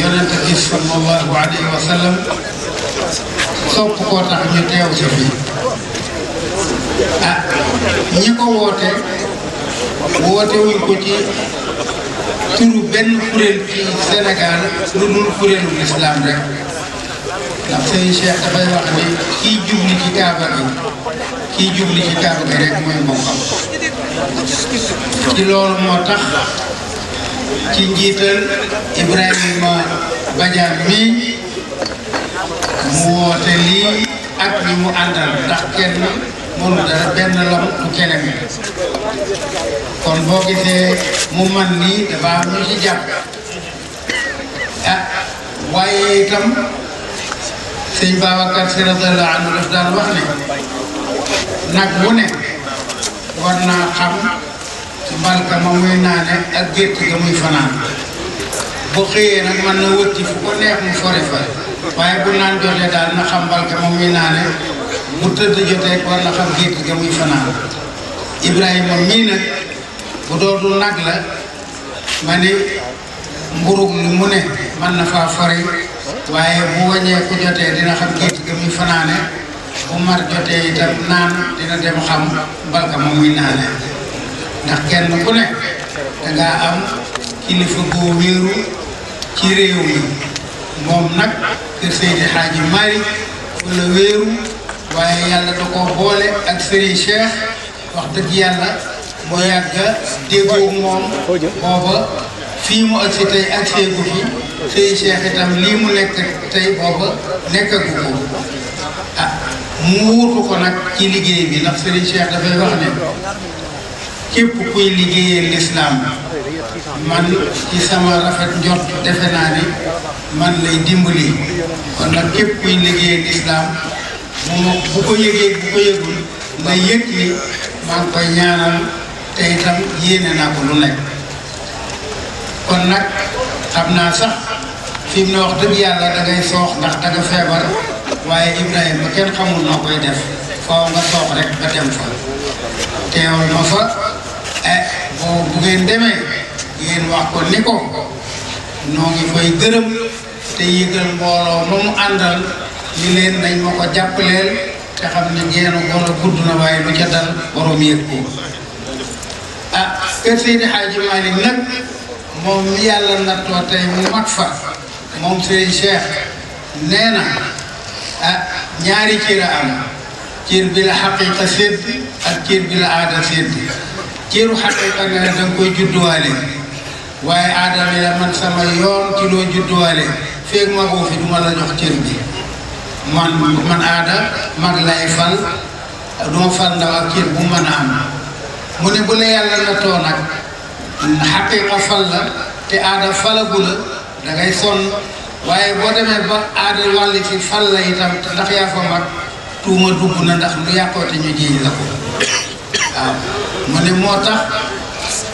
yonent bi sallallahu alayhi wa sallam sopp koo tax ñu teew si fii ah ñi ko woote wootewuñ ko ci turu benn kuréel ci Sénégal lu dul kuréelu lislaam rek ndax seen cheikh dafay wax ni ci loolu moo tax ci njiital Ibrahima Badiane mi mu woote lii ak ñi mu àndal ndax kenn mënu dara benn lam du keneen kon boo gisee mu man nii dafa am ci jàpp ah waaye itam sëñ Babacar Si radiyallaahu anhu daf daan wax ne nag bu ne war naa xam barka ma muy naane ak gétt ga muy fanaan bu xëyee nag mën na wëtti fu ko neex mu fore fore waaye bu naan jotee daal na xam barka ma muy naane bu tëdd xam gétt ga muy fanaan nag la ma ni mburug lu mu ne mën na faa fore waaye bu wañee ku jotee dina xam gétt ga muy fanaane bu mar jotee itam naan dina dem xam barka ma muy naane ndax kenn ku ne danga am kilifa boo wéeru ci réew mi moom nag kër Seydi Hadji Malick wala wéeru waaye yàlla da koo xoole ak Serigne Cheikh wax dëgg yàlla moo yàgga déggoo moom booba fii mu agsi tey agsee gu fi Serigne Cheikh itam lii mu nekk tey booba nekkagu ko ah, mu wutu ko nag ci liggéey bi ndax Serigne Cheikh dafay wax ne képp kuy liggéeyee lislaam man ci sama rafet njort defe naa ni man lay dimbali kon nag képp kuy liggéeyee lislaam bu bu ko yëgee bu ko yëgul nga yëg ni maa koy ñaanal te itam yéene naa ko lu nekk kon nag xam naa sax fii mu ne wax dëgg yàlla da soox ndax da feebar waaye Ibrahima kenn xamul noo koy def faaw nga soox rek ba dem fa teewal ma fa. eh boo bu ngeen ngeen wax ko ni ko noo ngi koy gërëm te yëgal mbooloo ma mu àndal ni leen nañ ma ko jàppaleel te xam ne geenu na waaye lu ca dal borom yëg ko ah kër moom mi yàlla nattoo tey mu mag fa moom Serigne Cheikh nee na ah ñaari cër a am cër bi la xaqiqa sédd ak cër bi la aada sédd cëru xaqiqa ne danga koy judduwaale waaye aadama ya man sama yoon ci loo judduwaale feeg magoo fi du ma la jox cër bi man man aada mag lay fal duma fal ndaw ak cër bu mën a am mu ne bu la yàlla nattoo nag xaqiqa fal la te aada falagu la dangay sonn waaye boo demee ba aada wàll ci fal la itam ndax yaa fa mag tuuma dugg na ndax lu yàqoote ñu ji la ko waaw mu ne moo tax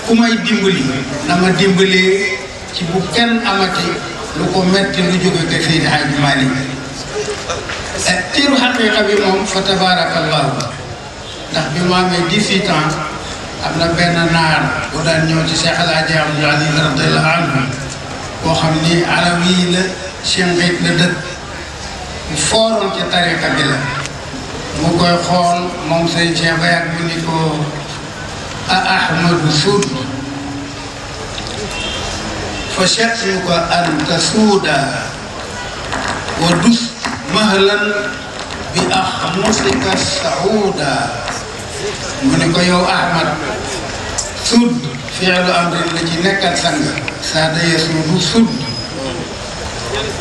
ku may dimbali na ma dimbalee ci bu kenn amati lu ko metti lu jóge te Seydi Hadji Malick eh, tiiru xaqiqa bi moom fa tabarakallahu ndax bi mu amee dix-huit am na benn naar bu daan ñëw ci Cheikh El Hadji Abdoul Aziz radiyallahu anhu koo xam ni arab yi la shinqit la dëkk fooroon ci tariqa bi la mu koy xool moom sëñ Cheikh Bayat mu ni ko a ahmadu suud fa shattuka an tasuuda wa dus mahlan bi ahmusika sauuda mu ko yow ya ahmad Sud, fi'lu amrin la ci nekkal sang saa dayee ya suudu suud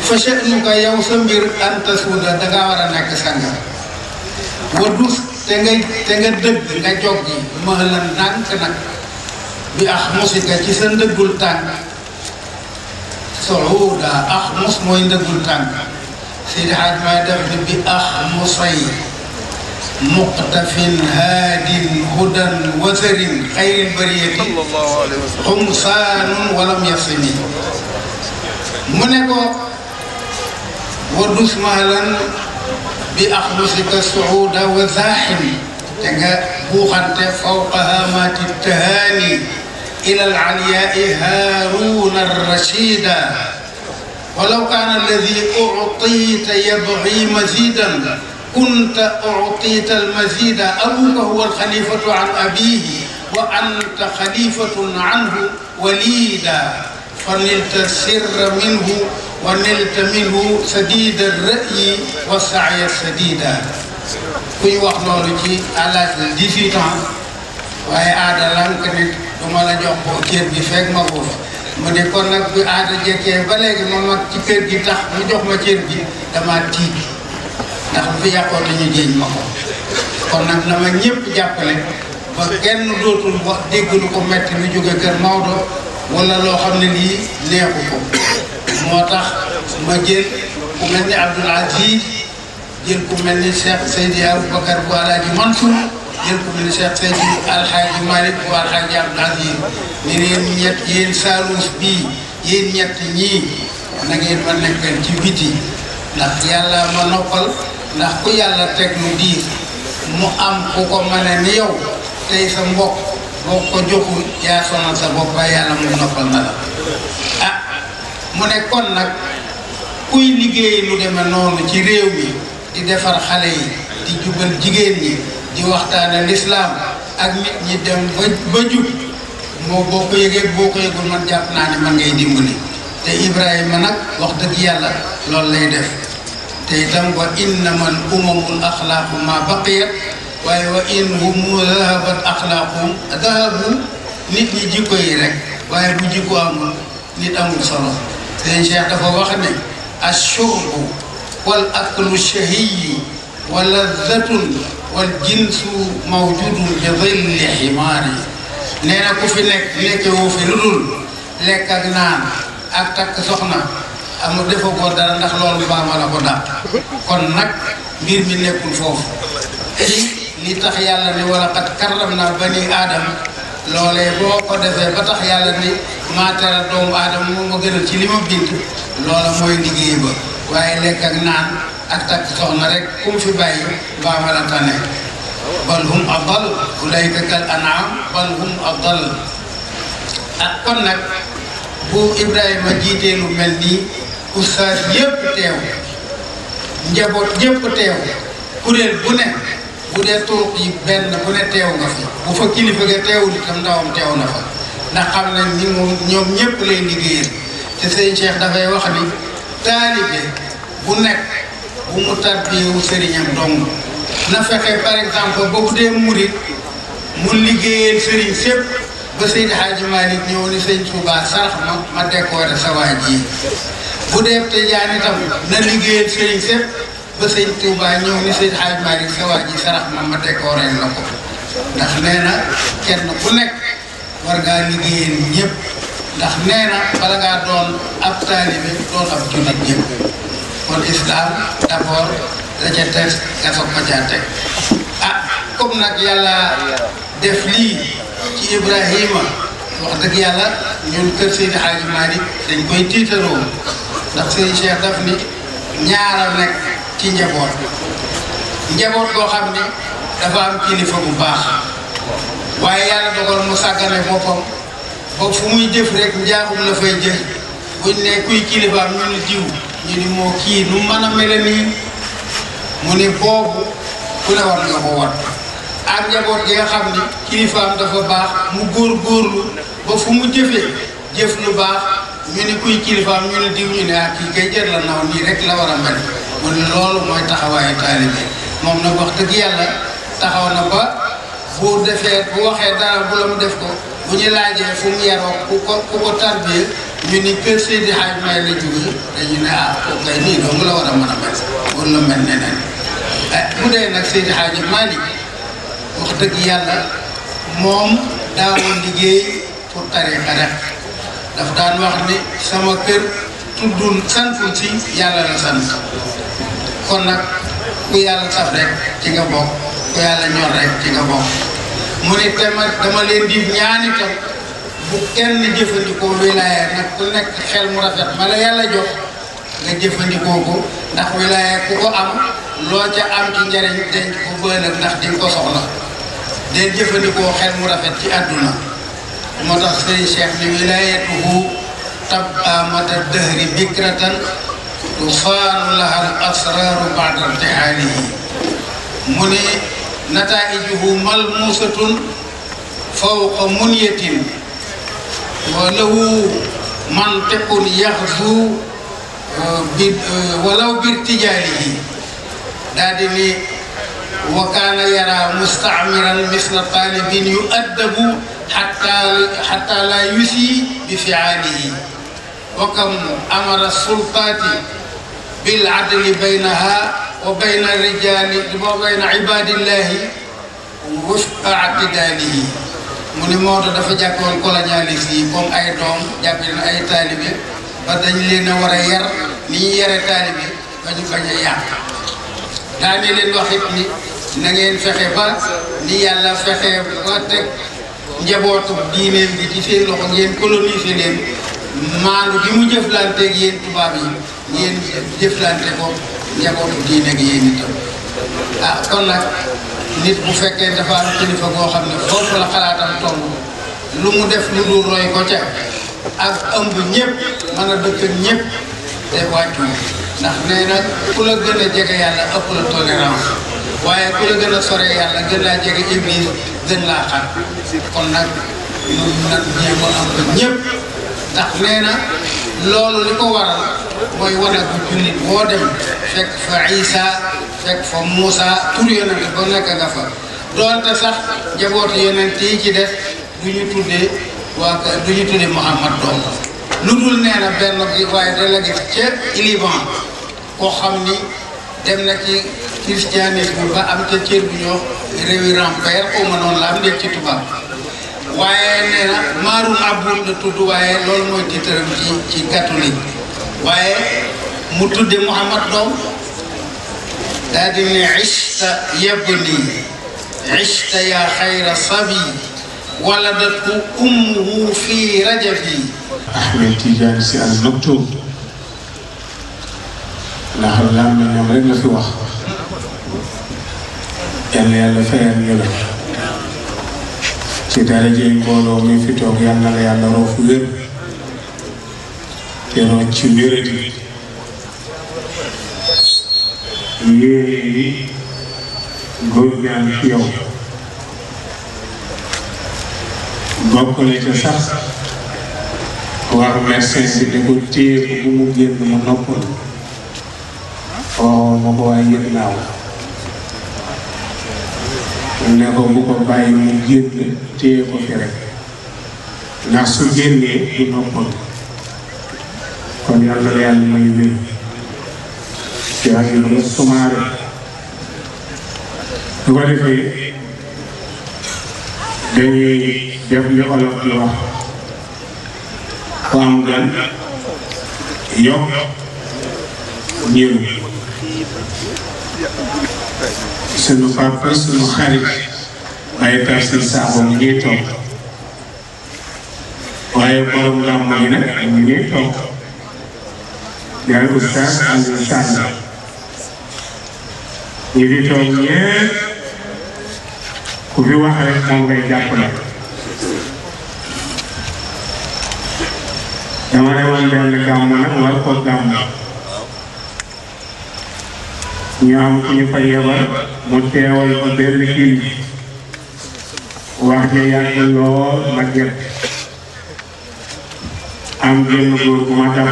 fa sha'nuka yow ya sa mbir an tasuuda da nga war a nekk kudus tengen tengai deg dengan mahalan tan kena bi ahmus ika cisen deg gultang solo da ahmus moin deg gultang sidahat madar bi ahmus ai muqtafin hadin hudan wazirin khairin bariyati khumsanun walam yasini muneko wadus mahalan bi axlusika suuda wa zaaxim te nga buuxante fawqa hamaati tahaani ila ولو كان الذي أعطيت يبغي مزيدا كنت أعطيت المزيد أبوك هو الخليفة عن أبيه وأنت خليفة عنه وليدا فنلت السر منه ونلت منه سديد الرأي sa السديدا kuy wax loolu ci à l'âge de 18 waaye aada lank nit du la jox ko kër gi fekk ma ko mu ne kon nag bu aada jekkee ba léegi ma mag ci kër gi tax mu jox ma kër gi dama tiit ndax bu fi yàqoon nañu jéñ ma ko kon nag na ma ñëpp jàppale ba kenn dootul wax dégg lu ko metti lu jóge kër Maodo wala loo xam ne lii neexu ko moo tax ma jël ku mel abdul aziz jël ku mel ni cheikh seydi aboubacar bu alaaji mansour jël ku mel ni cheikh seydi alhaaji malik bu alhaaji abdul aziz ni leen ñett yéen saalus bii yéen ñett ñii na ngeen ma nekkal ci biti ndax yàlla ma ndax ku diir mu am ku ko mane ni yow tey sa mbokk boo ko joxul yaa sa ba mu na la ah mu ne kon nag kuy liggéey lu demee noonu ci réew mi di defar xale yi di jubal jigéen ñi di waxtaane lislaam ak nit ñi dem ba jub moo boo ko yëgee boo man jàpp naa ne man ngay dimbali te ibrahima nag wax dëgg yàlla loolu lay def te itam wa innama al umamul axlaaqu ma baqiyat waaye wa in humu dahabat nit ñi jikko yi rek bu jikko amul nit amul solo sëriñ Cheikh dafa wax ne ashurbu wal aklu shahiyi wa lazatun wal jinsu mawjudun bi dilli ximaari nee na ku fi nekk nekke woo fi lu dul lekk ak naan ak takk soxna amul defoo ko dara ndax loolu baama la ko dàq kon nag mbir mi nekkul foofu li tax yàlla ne wala qad karram naa bani aadama loolee boo ko defee ba tax yàlla ni maa teral doomu aadama moom ma gënal ci li ma bind loola mooy liggéey ba waaye lekk ak naan ak takk soxna rek ku fi bàyyi baa ma la tane bal hum adal ulayka kal anaam bal hum ak kon nag bu Ibrahima jiitee lu mel nii ustaas yépp teew njaboot yépp teew kuréel bu ne bu dee turuq yi benn bu ne teew nga fi bu fa kilifa ga teewul itam ndawam teew na fa ndax xam nañ ni moom ñoom ñëpp lay liggéeyal te sëñ Cheikh dafay wax ni taalibe bu nekk bu mu tarbiyewu sëriñam dong na fexe par exemple ba bu dee murit mu liggéeyal sëriñ sépp ba Seydi Hadji Malick ñëw ni sëñ Touba sarax ma ma décoré sa waa ji bu dee tijaan itam na sa ji sarax ma ma décoré la ko ndax nee kenn ku nekk. war ngaa liggéeyal ñëpp ndax nee bala ngaa doon ab taalibe doon ab jullit ñëpp kon islam d'abord la ca nga soog ko caa ah comme nag yàlla def lii ci Ibrahima wax dëgg yàlla ñun kër Seydi Hadji Malick dañ koy tiitaroo ndax sëñ Cheikh daf ni ñaara nekk ci njaboot njaboot boo xam ni dafa am kilifa bu baax. waaye yàlla dogal mu sàggane boppam ba fu muy jëf rek njaaxum la fay jëf buñ kuy kilifaam ñu ni moo kii nu mën a mel nii mu ne boobu ku ne war nga ko ak njaboot gi nga xam ni kilifaam dafa baax mu góor góorlu ba fu mu jëfee jëf lu baax ñu ni kuy kilifaam ñu ne diw ñu ne ak ah kii kay jër la naw nii rek la war a mel mu ne loolu mooy taxawaayu taalibe moom nag wax dëgg yàlla taxaw na ba bu defee bu waxee dara bu la def ko bu ñu laajee fu mu yaroo ku ko ku ko tarbiye ñu ni kër Seydi Hadj May la jógee dañu ne ah kooku kay la war a mën a mel wala la eh, wax dëgg yàlla moom daawoon liggéey pour tariqa rek daf daan wax ni sama kër tuddul santul si yàlla la sant kon nag ku yàlla saf rek ci nga bokk ku yàlla ñor rek ci nga bokk mu ne dama dama leen di ñaani tam bu kenn jëfandikoo wilaya nag ku nekk xel mu rafet bala la yàlla jox nga jëfandikoo ko ndax wilaya ku ko am loo ca am ci njariñ denc ko bënal ndax di ko den jëfandikoo xel mu rafet ci àdduna moo tax sëriñ Cheikh ni wilayatuhu tabamata dëhri bikratan tufaanu lahal asraru baada imtihaanihi mu ne نتائجه ملموسة فوق منية وله منطق يغزو آه، آه، ولو بارتجاله دادني وكان يرى مستعمرا مثل طالب يؤدب حتى حتى لا يسيء بفعاله وكم امر السلطات بالعدل بينها wa bayna rijaali wa bayna ibaadillaahi wusqa atidaalihi mu ni Maodo dafa jàppoon colonialiste yi comme ay doom jàppe na ay taalibe ba dañ a war a yar ni ñu yare taalibe ba ñu bañ a leen wax it ni na ngeen fexe ba ni yàlla fexe ba teg njabootu diineen bi ci seen loxo ngeen coloniser leen maanu bi mu jëflanteeg yéen tubaab yi ngeen jëflante ko njabootu diine gi yéen itam ah kon nag nit bu fekkee dafa am kilifa goo xam ne foofu la xalaatam toll lu mu def lu dul roy ko ca ak ëmb ñëpp mën a dëkk ñëpp day wàccu ndax nee na ku la gën a jege yàlla ëpp la tolérance waaye ku la gën a sore yàlla gën laa jege iblis gën laa xar kon nag ñun nag a am ñëpp. ndax nee na loolu li ko waral mooy wane bu jullit boo dem fekk fa Isa fekk fa Moussa tur yonent ba nekk nga fa doonte sax njabootu yonent yi ci def du ñu tuddee waa du ñu tuddee Muhammad doom lu dul nee benn bi waaye dala gis ca koo xam ni dem na ci christianisme ba am ca cër bu ñoo réwi rempère au ma noonu la am def ci tubaab waaye nee na maarum abum la tudd waaye loolu mooy tiitaram ci ci catholique waaye mu tudde Muhammad doom daa di ne ishta yabni ishta yaa xayra sabi waladatku ummuhu fi rajabi Ahmed Tidiane Sy Al Maktoum ndax laam na ñoom rek la fi wax yàlla yàlla fayal ñu la ci darajey mbooloo fi toog yal yàlla roof wér te root ci wéradi yéene yi góor ñaan fi yow bokk na ca sax wax médecin bi ne téye bu mu génn ma noppal oo ma ko waaye yëg naa ko ne ko bu ko bàyyi mu génn téye ko fi rek ndax su génnee du noppal kon yàlla la yàlla may wér yaa ngi lu sumaare su ko defee dañuy def li olof di wax ku am gan yokk ñëw suñu papa suñu xarit waaye Père Sine Sakho mu ngi toog waaye borom làmb yi nag mu ngi toog yaay oustaz am na sànni ñu di toog ñëpp ku fi wax rek moom ngay jàppale. dama ne woon benn gàmm nag war ko gàmm. ñu am ñu fa yebal mu teewal ba benn kii wax ja yàgg lool màgget am génn góor bu ma dab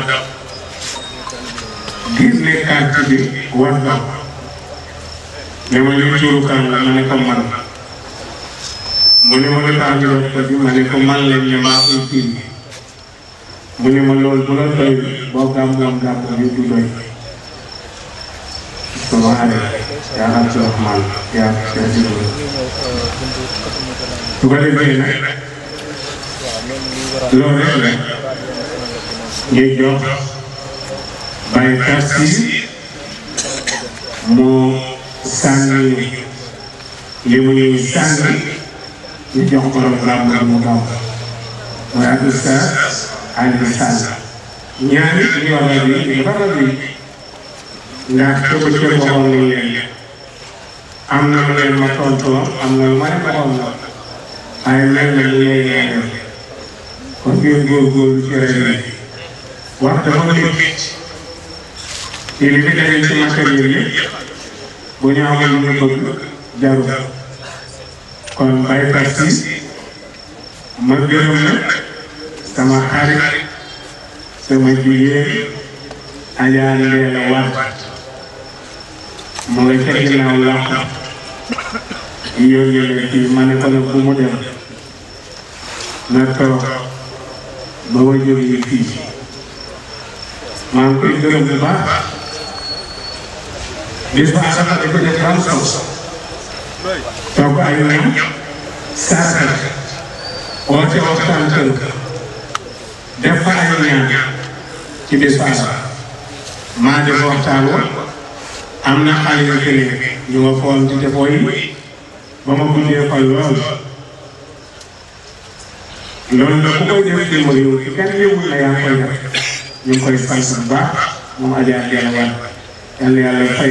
gis ne carte bi war na ne ma li turu kan la ma ne ko man mu ne ma lu tax ñu def ma ne ko man leen maa koy tiim mu ne ma loolu bu la doy boo gàm gàm gàm ñu du subhaane yaa abdurahman yaa abdurahman su ko defee nag loolu rek la jox bàyyi tarsi moo sànni li mu ñuy sànni jox ko programme bi mu daw mooy ak ustaas Aliou Sall bi ñu war a ndax képp ci waxoon nañ leen am na lu ma tontoo am na lu ma leen waxoon la mel na lu leen leen kon ngeen góorgóorlu ci rajo bi wax dafa métti te li fi demee ci matériel yi bu ñu amoon lu ñu bëgg jaru kon bay parti ma gërëm sama xarit sama jigéen Adja Ndella Wade mu ngi ca ginnaaw làqu yooyu leen fii ma ne ko nag bu mu dem na toog ba waajur yi fii maa ngi koy gërëm bu baax bis ba asaka dafa def ba mu saw togg ay def fa ay ñam ci bis ba asaka maa def waxtaan am na xale yu tëlee ñu ma xool ci dépôt ba ma guddee xol lool loolu la ku koy def ci mooy ci kenn yëngu na yaa koy def ñu koy fay bu baax moom Adja ak yàlla war yàlla yàlla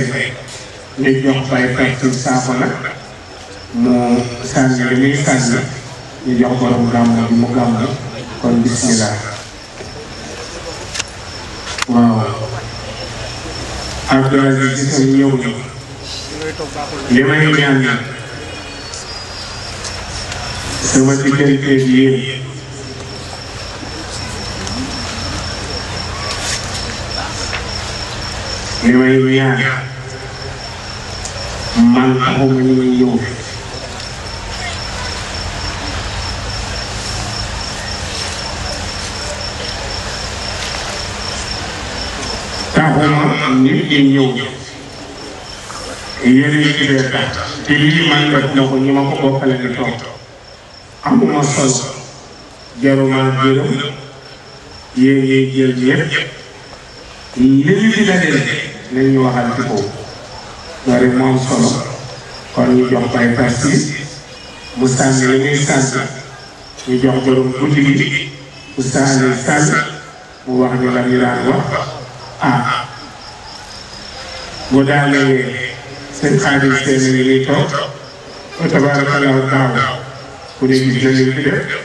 ñu jox bay perte saako la mu sànni li muy sànni ñu jox borom gàmmu mu gàmmu kon bismillah waaw. ak doole ji gis nga ñëw li may ñaan na sama digganteeg yéen li may man xawma ni may ñëw xam ni lim ñëw yéen yi ci dee tax te lii man jot na ko ma ko bokkale ni toog amuma sol jarumaa gërëm yéen ñuy jël yëpp li ñu di nañu waxal ci kaw bari moom solo kon ñu jox koy parti mu sànni li muy sànni ñu jox borom guddi gi mu sànni sànni mu wax ñu la ñu daan wax ah bu daalee seen xaalis seen li toog ku ne gis